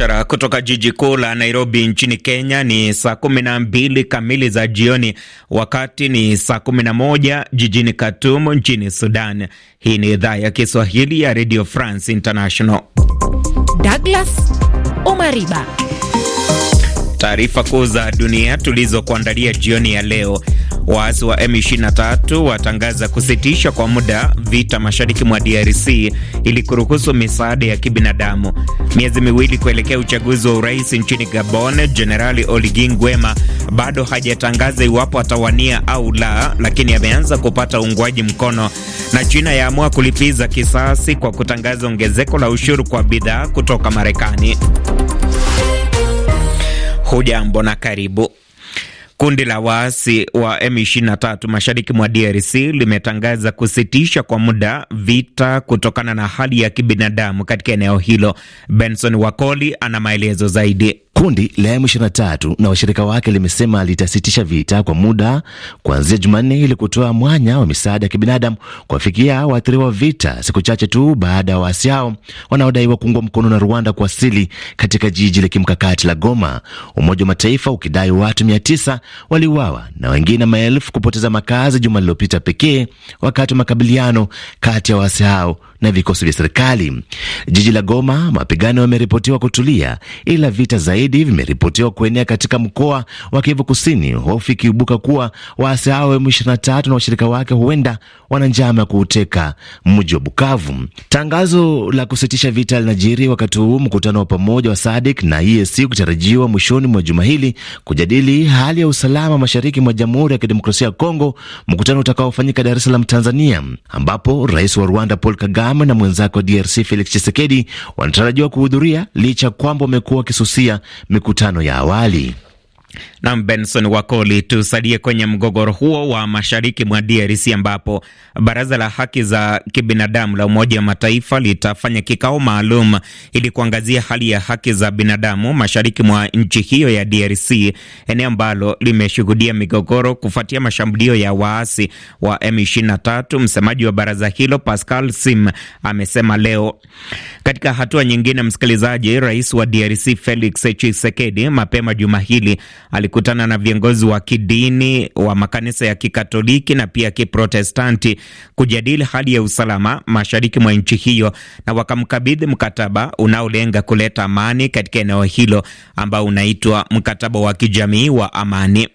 mubashara kutoka jiji kuu la Nairobi nchini Kenya. Ni saa kumi na mbili kamili za jioni, wakati ni saa kumi na moja jijini Khartoum nchini Sudan. Hii ni idhaa ya Kiswahili ya Radio France International. Douglas Omariba Taarifa kuu za dunia tulizokuandalia jioni ya leo. Waasi wa M23 watangaza kusitisha kwa muda vita mashariki mwa DRC ili kuruhusu misaada ya kibinadamu. Miezi miwili kuelekea uchaguzi wa urais nchini Gabon, Jenerali oligin Nguema bado hajatangaza iwapo atawania au la, lakini ameanza kupata uungwaji mkono. Na China yaamua kulipiza kisasi kwa kutangaza ongezeko la ushuru kwa bidhaa kutoka Marekani. Hujambo na karibu. Kundi la waasi wa M23 mashariki mwa DRC limetangaza kusitisha kwa muda vita kutokana na hali ya kibinadamu katika eneo hilo. Benson Wakoli ana maelezo zaidi. Kundi la M23 na washirika wake limesema litasitisha vita kwa muda kuanzia Jumanne ili kutoa mwanya wa misaada ya kibinadamu kuwafikia waathiriwa wa vita, siku chache tu baada ya waasi hao wanaodaiwa kuungwa mkono na Rwanda kuwasili katika jiji la kimkakati la Goma, Umoja wa Mataifa ukidai watu 900 waliuawa na wengine maelfu kupoteza makazi juma lililopita pekee wakati wa makabiliano kati ya waasi hao na vikosi vya serikali. Jiji la Goma, mapigano yameripotiwa kutulia, ila vita zaidi vimeripotiwa kuenea katika mkoa wa Kivu Kusini, hofu ikiibuka kuwa waasi hao M23 na washirika wake huenda wana njama ya kuuteka mji wa Bukavu. Tangazo la kusitisha vita linajiri wakati huu mkutano wa pamoja wa SADC na EAC kutarajiwa mwishoni mwa juma hili kujadili hali ya usalama mashariki mwa Jamhuri ya Kidemokrasia ya Kongo, mkutano utakaofanyika Dar es Salaam, Tanzania, ambapo rais wa Rwanda Paul Kagame Abraham na mwenzake wa DRC Felix chisekedi wanatarajiwa kuhudhuria licha kwamba wamekuwa wakisusia mikutano ya awali. Nam Benson Wakoli, tusalie kwenye mgogoro huo wa mashariki mwa DRC ambapo baraza la haki za kibinadamu la Umoja wa Mataifa litafanya kikao maalum ili kuangazia hali ya haki za binadamu mashariki mwa nchi hiyo ya DRC, eneo ambalo limeshuhudia migogoro kufuatia mashambulio ya waasi wa M23. Msemaji wa baraza hilo Pascal Sim amesema leo. Katika hatua nyingine, msikilizaji, rais wa DRC Felix Tshisekedi mapema juma hili alikutana na viongozi wa kidini wa makanisa ya Kikatoliki na pia Kiprotestanti kujadili hali ya usalama mashariki mwa nchi hiyo, na wakamkabidhi mkataba unaolenga kuleta amani katika eneo hilo ambao unaitwa mkataba wa kijamii wa amani.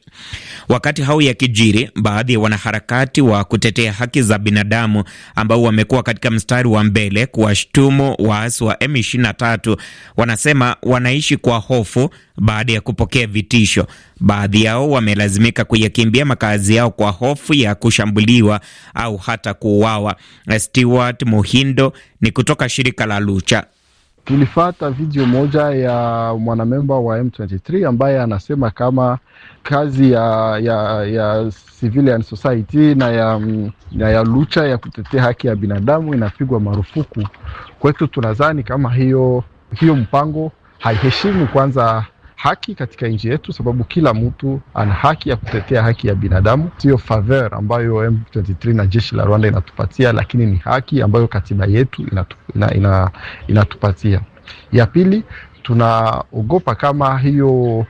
Wakati hao ya kijiri, baadhi ya wanaharakati wa kutetea haki za binadamu ambao wamekuwa katika mstari wa mbele kuwashtumu waasi wa M23 wanasema wanaishi kwa hofu baada ya kupokea vitisho. Baadhi yao wamelazimika kuyakimbia makazi yao kwa hofu ya kushambuliwa au hata kuuawa. Stewart Muhindo ni kutoka shirika la Lucha tulifata video moja ya mwanamemba wa M23 ambaye anasema kama kazi ya ya ya civilian society na ya, ya, ya Lucha ya kutetea haki ya binadamu inapigwa marufuku. Kwetu tunadhani kama hiyo hiyo mpango haiheshimu kwanza haki katika nchi yetu, sababu kila mtu ana haki ya kutetea haki ya binadamu. sio favor ambayo M23 na jeshi la Rwanda inatupatia, lakini ni haki ambayo katiba yetu inatu, ina, ina, inatupatia. Ya pili, tunaogopa kama hiyo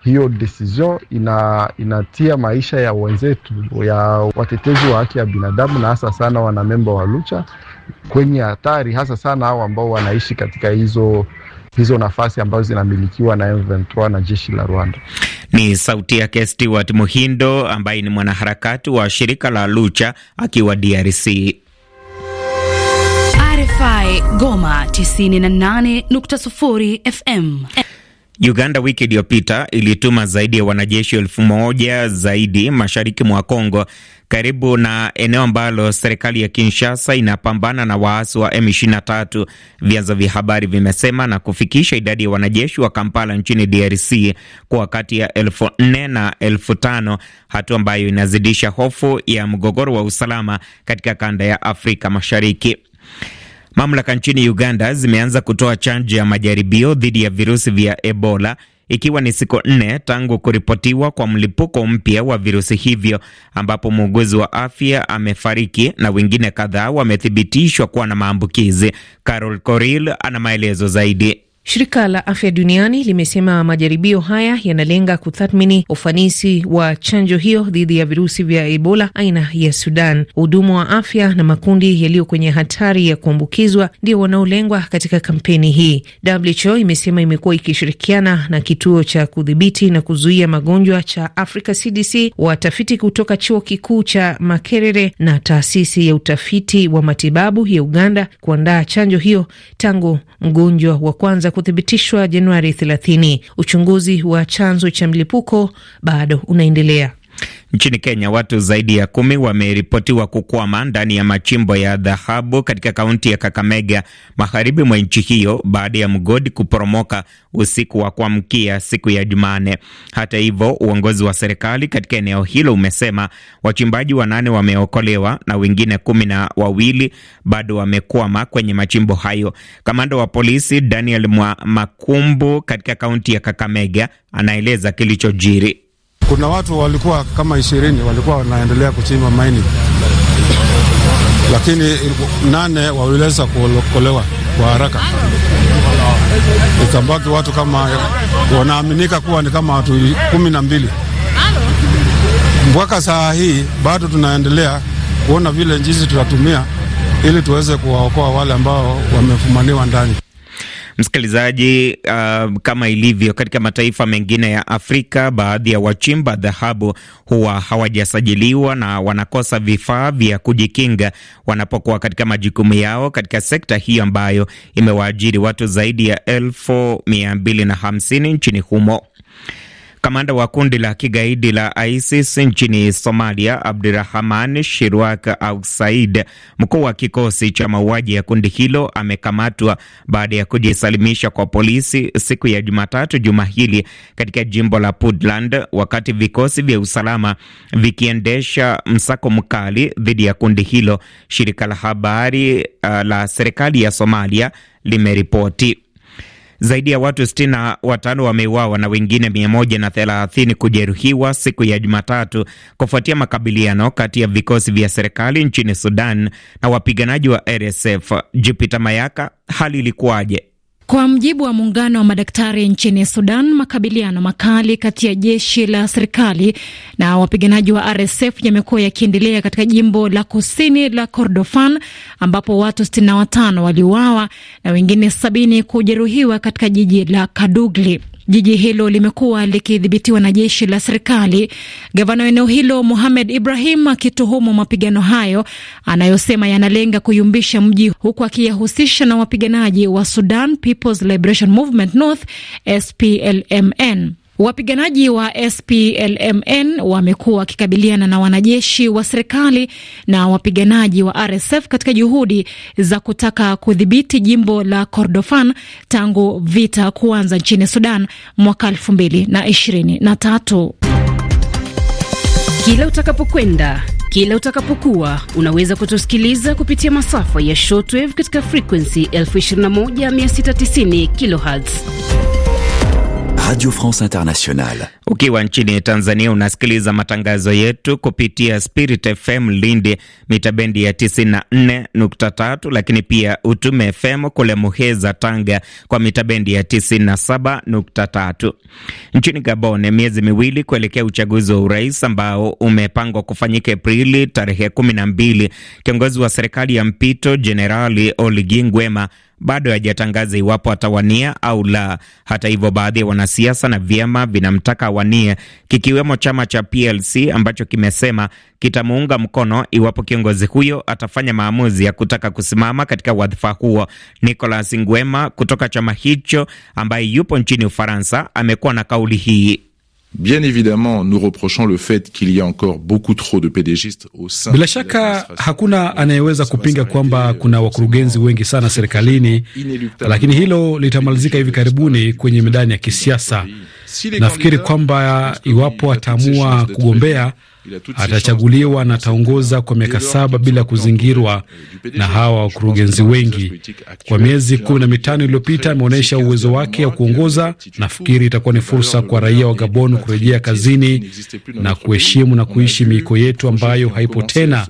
hiyo decision ina, inatia maisha ya wenzetu ya watetezi wa haki ya binadamu na hasa sana wanamemba wa Lucha kwenye hatari, hasa sana hao ambao wanaishi katika hizo hizo nafasi ambazo zinamilikiwa na M23 na jeshi la Rwanda. Ni sauti yake Stewart Muhindo ambaye ni mwanaharakati wa shirika la Lucha akiwa DRC. RFI Goma 98.0 FM. Uganda wiki iliyopita ilituma zaidi ya wanajeshi elfu moja zaidi mashariki mwa congo karibu na eneo ambalo serikali ya Kinshasa inapambana na waasi wa M23, vyanzo vya habari vimesema, na kufikisha idadi ya wanajeshi wa Kampala nchini DRC kwa kati ya elfu nne na elfu tano hatua ambayo inazidisha hofu ya mgogoro wa usalama katika kanda ya Afrika Mashariki. Mamlaka nchini Uganda zimeanza kutoa chanjo ya majaribio dhidi ya virusi vya Ebola ikiwa ni siku nne tangu kuripotiwa kwa mlipuko mpya wa virusi hivyo ambapo muuguzi wa afya amefariki na wengine kadhaa wamethibitishwa kuwa na maambukizi. Carol Coril ana maelezo zaidi. Shirika la Afya Duniani limesema majaribio haya yanalenga kutathmini ufanisi wa chanjo hiyo dhidi ya virusi vya Ebola aina ya Sudan. Wahudumu wa afya na makundi yaliyo kwenye hatari ya kuambukizwa ndio wanaolengwa katika kampeni hii. WHO imesema imekuwa ikishirikiana na kituo cha kudhibiti na kuzuia magonjwa cha Africa CDC, watafiti kutoka chuo kikuu cha Makerere na taasisi ya utafiti wa matibabu ya Uganda kuandaa chanjo hiyo tangu mgonjwa wa kwanza kuthibitishwa Januari 30. Uchunguzi wa chanzo cha mlipuko bado unaendelea. Nchini Kenya, watu zaidi ya kumi wameripotiwa kukwama ndani ya machimbo ya dhahabu katika kaunti ya Kakamega, magharibi mwa nchi hiyo, baada ya mgodi kuporomoka usiku wa kuamkia siku ya Jumane. Hata hivyo, uongozi wa serikali katika eneo hilo umesema wachimbaji wanane wameokolewa na wengine kumi na wawili bado wamekwama kwenye machimbo hayo. Kamanda wa polisi Daniel Mwa Makumbu katika kaunti ya Kakamega anaeleza kilichojiri. Kuna watu walikuwa kama ishirini walikuwa wanaendelea kuchimba maini, lakini nane waliweza kuokolewa kwa haraka, ikabaki watu kama wanaaminika kuwa ni kama watu kumi na mbili. Mpaka saa hii bado tunaendelea kuona vile jinsi tutatumia ili tuweze kuwaokoa wale ambao wamefumaniwa ndani. Msikilizaji, uh, kama ilivyo katika mataifa mengine ya Afrika, baadhi ya wachimba dhahabu huwa hawajasajiliwa na wanakosa vifaa vya kujikinga wanapokuwa katika majukumu yao katika sekta hiyo ambayo imewaajiri watu zaidi ya elfu mia mbili na hamsini nchini humo. Kamanda wa kundi la kigaidi la ISIS nchini Somalia, Abdurahman Shirwak Au Said, mkuu wa kikosi cha mauaji ya kundi hilo, amekamatwa baada ya kujisalimisha kwa polisi siku ya Jumatatu juma hili katika jimbo la Puntland, wakati vikosi vya usalama vikiendesha msako mkali dhidi ya kundi hilo, shirika la habari uh, la serikali ya Somalia limeripoti. Zaidi ya watu sitini na watano wameuawa na wengine mia moja na thelathini kujeruhiwa siku ya Jumatatu kufuatia makabiliano kati ya vikosi vya serikali nchini Sudan na wapiganaji wa RSF. Jupiter Mayaka, hali ilikuwaje? Kwa mjibu wa muungano wa madaktari nchini Sudan, makabiliano makali kati ya jeshi la serikali na wapiganaji wa RSF yamekuwa yakiendelea katika jimbo la kusini la Kordofan ambapo watu 65 waliuawa na wengine 7b kujeruhiwa katika jiji la Kadugli. Jiji hilo limekuwa likidhibitiwa na jeshi la serikali, gavana wa eneo hilo muhamed Ibrahim akituhumu mapigano hayo anayosema yanalenga kuyumbisha mji, huku akiyahusisha na wapiganaji wa Sudan People's Liberation Movement North SPLMN. Wapiganaji wa SPLMN wamekuwa wakikabiliana na wanajeshi wa serikali na wapiganaji wa RSF katika juhudi za kutaka kudhibiti jimbo la Kordofan tangu vita kuanza nchini Sudan mwaka tatu. Kila utakapokwenda kila utakapokuwa unaweza kutusikiliza kupitia masafa ya shortwave katika frequency 21690 kilohertz Radio France Internationale. Ukiwa nchini Tanzania unasikiliza matangazo yetu kupitia Spirit FM Lindi mita bendi ya 94.3, lakini pia Utume FM kule Muheza, Tanga kwa mita bendi ya 97.3. Nchini Gabon, miezi miwili kuelekea uchaguzi wa urais ambao umepangwa kufanyika Aprili tarehe 12, kiongozi wa serikali ya mpito Jenerali Oligui Nguema bado hajatangaza iwapo atawania au la. Hata hivyo, baadhi ya wanasiasa na vyama vinamtaka awanie, kikiwemo chama cha PLC ambacho kimesema kitamuunga mkono iwapo kiongozi huyo atafanya maamuzi ya kutaka kusimama katika wadhifa huo. Nicolas Nguema kutoka chama hicho ambaye yupo nchini Ufaransa amekuwa na kauli hii. Bien évidemment, nous reprochons le fait qu'il y a encore beaucoup trop de pédégistes au sein. Bila shaka hakuna anayeweza kupinga kwamba kuna wakurugenzi wengi sana serikalini, lakini hilo litamalizika hivi karibuni kwenye medani ya kisiasa. Nafikiri kwamba iwapo ataamua kugombea Atachaguliwa na ataongoza kwa miaka saba bila kuzingirwa na hawa wakurugenzi wengi. Kwa miezi kumi na mitano iliyopita ameonyesha uwezo wake wa kuongoza. Nafikiri itakuwa ni fursa kwa raia wa Gabon kurejea kazini na kuheshimu na kuishi miiko yetu ambayo haipo tena.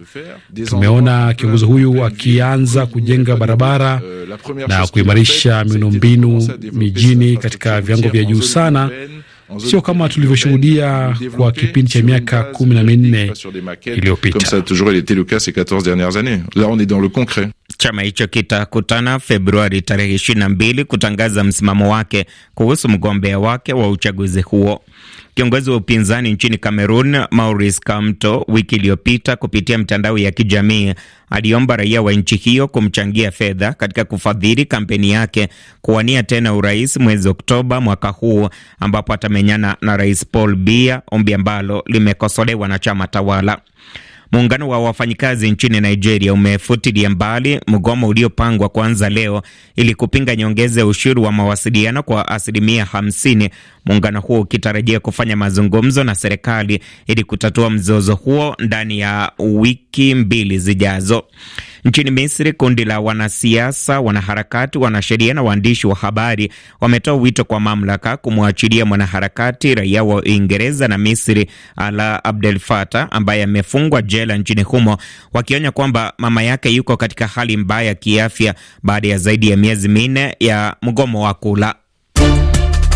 Tumeona kiongozi huyu akianza kujenga barabara na kuimarisha miundombinu mijini katika viwango vya juu sana. Comme ça a toujours été le cas ces 14 dernières années, là on est dans le concret. Chama hicho kitakutana Februari tarehe 22 kutangaza msimamo wake kuhusu mgombea wake wa uchaguzi huo. Kiongozi wa upinzani nchini Cameroon, Maurice Kamto, wiki iliyopita kupitia mtandao ya kijamii aliomba raia wa nchi hiyo kumchangia fedha katika kufadhili kampeni yake kuwania tena urais mwezi Oktoba mwaka huu, ambapo atamenyana na Rais Paul Biya, ombi ambalo limekosolewa na chama tawala. Muungano wa wafanyikazi nchini Nigeria umefutilia mbali mgomo uliopangwa kuanza leo ili kupinga nyongeza ya ushuru wa mawasiliano kwa asilimia 50, muungano huo ukitarajia kufanya mazungumzo na serikali ili kutatua mzozo huo ndani ya wiki mbili zijazo. Nchini Misri, kundi la wanasiasa, wanaharakati, wanasheria na waandishi wa habari wametoa wito kwa mamlaka kumwachilia mwanaharakati raia wa Uingereza na Misri Ala Abdel fata ambaye amefungwa jela nchini humo, wakionya kwamba mama yake yuko katika hali mbaya kiafya baada ya zaidi ya miezi minne ya mgomo wa kula.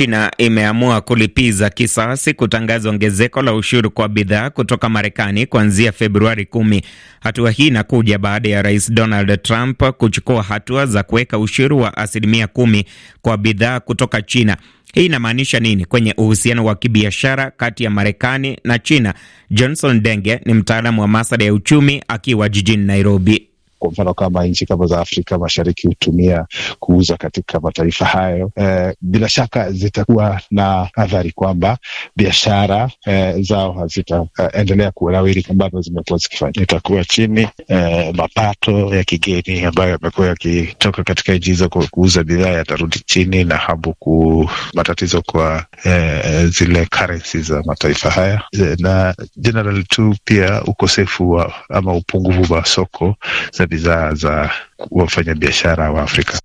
China imeamua kulipiza kisasi kutangaza ongezeko la ushuru kwa bidhaa kutoka Marekani kuanzia Februari kumi. Hatua hii inakuja baada ya Rais Donald Trump kuchukua hatua za kuweka ushuru wa asilimia kumi kwa bidhaa kutoka China. Hii inamaanisha nini kwenye uhusiano wa kibiashara kati ya Marekani na China? Johnson Denge ni mtaalamu wa masada ya uchumi akiwa jijini Nairobi. Kwa mfano kama nchi kama za Afrika Mashariki hutumia kuuza katika mataifa hayo, e, bila shaka zitakuwa na athari kwamba biashara e, zao hazitaendelea e, kunawiri ambazo zimekuwa zikifanya. Itakuwa chini e, mapato ya kigeni ambayo yamekuwa yakitoka katika nchi hizo kuuza bidhaa yatarudi chini na habu ku matatizo kwa e, zile currency za mataifa haya na general tu pia ukosefu wa ama upungufu wa soko za bidhaa za wafanyabiashara wa Afrika.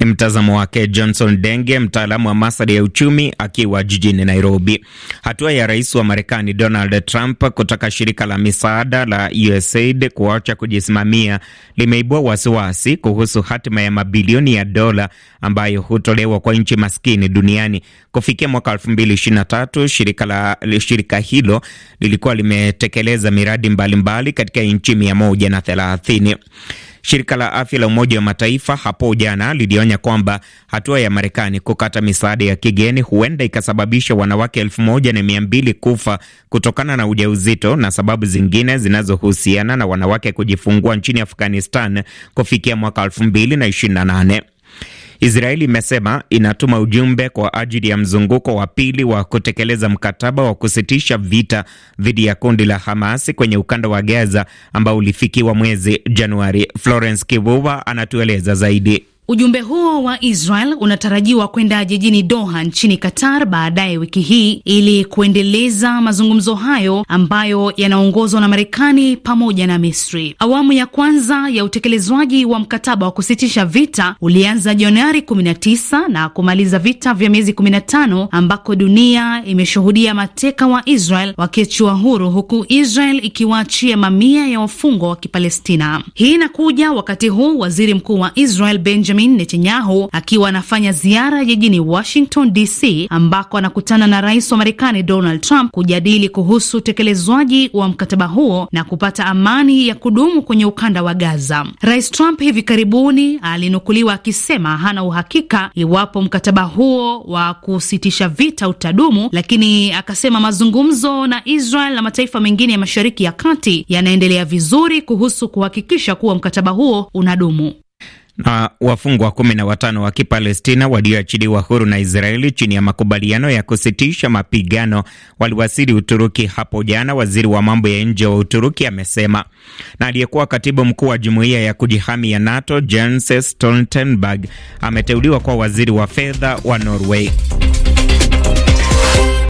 Ni mtazamo wake Johnson Denge, mtaalamu wa masuala ya uchumi akiwa jijini Nairobi. Hatua ya rais wa Marekani Donald Trump kutaka shirika la misaada la USAID kuacha kujisimamia limeibua wasiwasi kuhusu hatima ya mabilioni ya dola ambayo hutolewa kwa nchi maskini duniani. Kufikia mwaka 2023 shirika, la, shirika hilo lilikuwa limetekeleza miradi mbalimbali mbali katika nchi 130. Shirika la afya la Umoja wa Mataifa hapo jana lilionya kwamba hatua ya Marekani kukata misaada ya kigeni huenda ikasababisha wanawake elfu moja na mia mbili kufa kutokana na ujauzito na sababu zingine zinazohusiana na wanawake kujifungua nchini Afghanistan kufikia mwaka elfu mbili na ishirini na nane. Israeli imesema inatuma ujumbe kwa ajili ya mzunguko wa pili wa kutekeleza mkataba wa kusitisha vita dhidi ya kundi la Hamasi kwenye ukanda wa Gaza ambao ulifikiwa mwezi Januari. Florence Kivuva anatueleza zaidi. Ujumbe huo wa Israel unatarajiwa kwenda jijini Doha nchini Qatar baadaye wiki hii ili kuendeleza mazungumzo hayo ambayo yanaongozwa na Marekani pamoja na Misri. Awamu ya kwanza ya utekelezwaji wa mkataba wa kusitisha vita ulianza Januari 19 na kumaliza vita vya miezi 15 ambako dunia imeshuhudia mateka wa Israel wakiachiwa huru huku Israel ikiwaachia mamia ya wafungwa wa Kipalestina. Hii inakuja wakati huu waziri mkuu wa Israel Benjamin Benjamin Netanyahu akiwa anafanya ziara jijini Washington DC, ambako anakutana na rais wa Marekani Donald Trump kujadili kuhusu utekelezwaji wa mkataba huo na kupata amani ya kudumu kwenye ukanda wa Gaza. Rais Trump hivi karibuni alinukuliwa akisema hana uhakika iwapo mkataba huo wa kusitisha vita utadumu, lakini akasema mazungumzo na Israel na mataifa mengine ya Mashariki ya Kati yanaendelea vizuri kuhusu kuhakikisha kuwa mkataba huo unadumu na wafungwa kumi na watano wa Kipalestina walioachiliwa huru na Israeli chini ya makubaliano ya kusitisha mapigano waliwasili Uturuki hapo jana, waziri wa mambo ya nje wa Uturuki amesema. Na aliyekuwa katibu mkuu wa jumuiya ya kujihami ya NATO Jens Stoltenberg ameteuliwa kwa waziri wa fedha wa Norway.